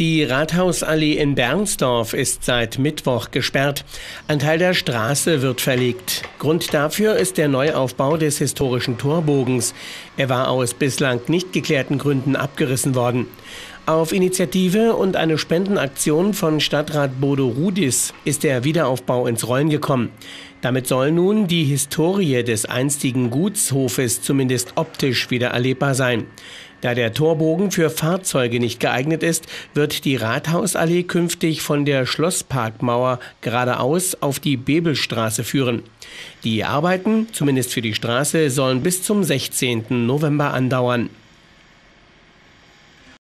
Die Rathausallee in Bernsdorf ist seit Mittwoch gesperrt. Ein Teil der Straße wird verlegt. Grund dafür ist der Neuaufbau des historischen Torbogens. Er war aus bislang nicht geklärten Gründen abgerissen worden. Auf Initiative und eine Spendenaktion von Stadtrat Bodo Rudis ist der Wiederaufbau ins Rollen gekommen. Damit soll nun die Historie des einstigen Gutshofes zumindest optisch wieder erlebbar sein. Da der Torbogen für Fahrzeuge nicht geeignet ist, wird die Rathausallee künftig von der Schlossparkmauer geradeaus auf die Bebelstraße führen. Die Arbeiten, zumindest für die Straße, sollen bis zum 16. November andauern.